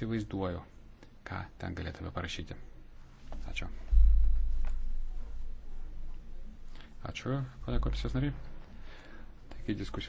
įsivaizduoju, ką ten galėtume parašyti. Ačiū. Ačiū, pane komisijos nariai. Taigi diskusijos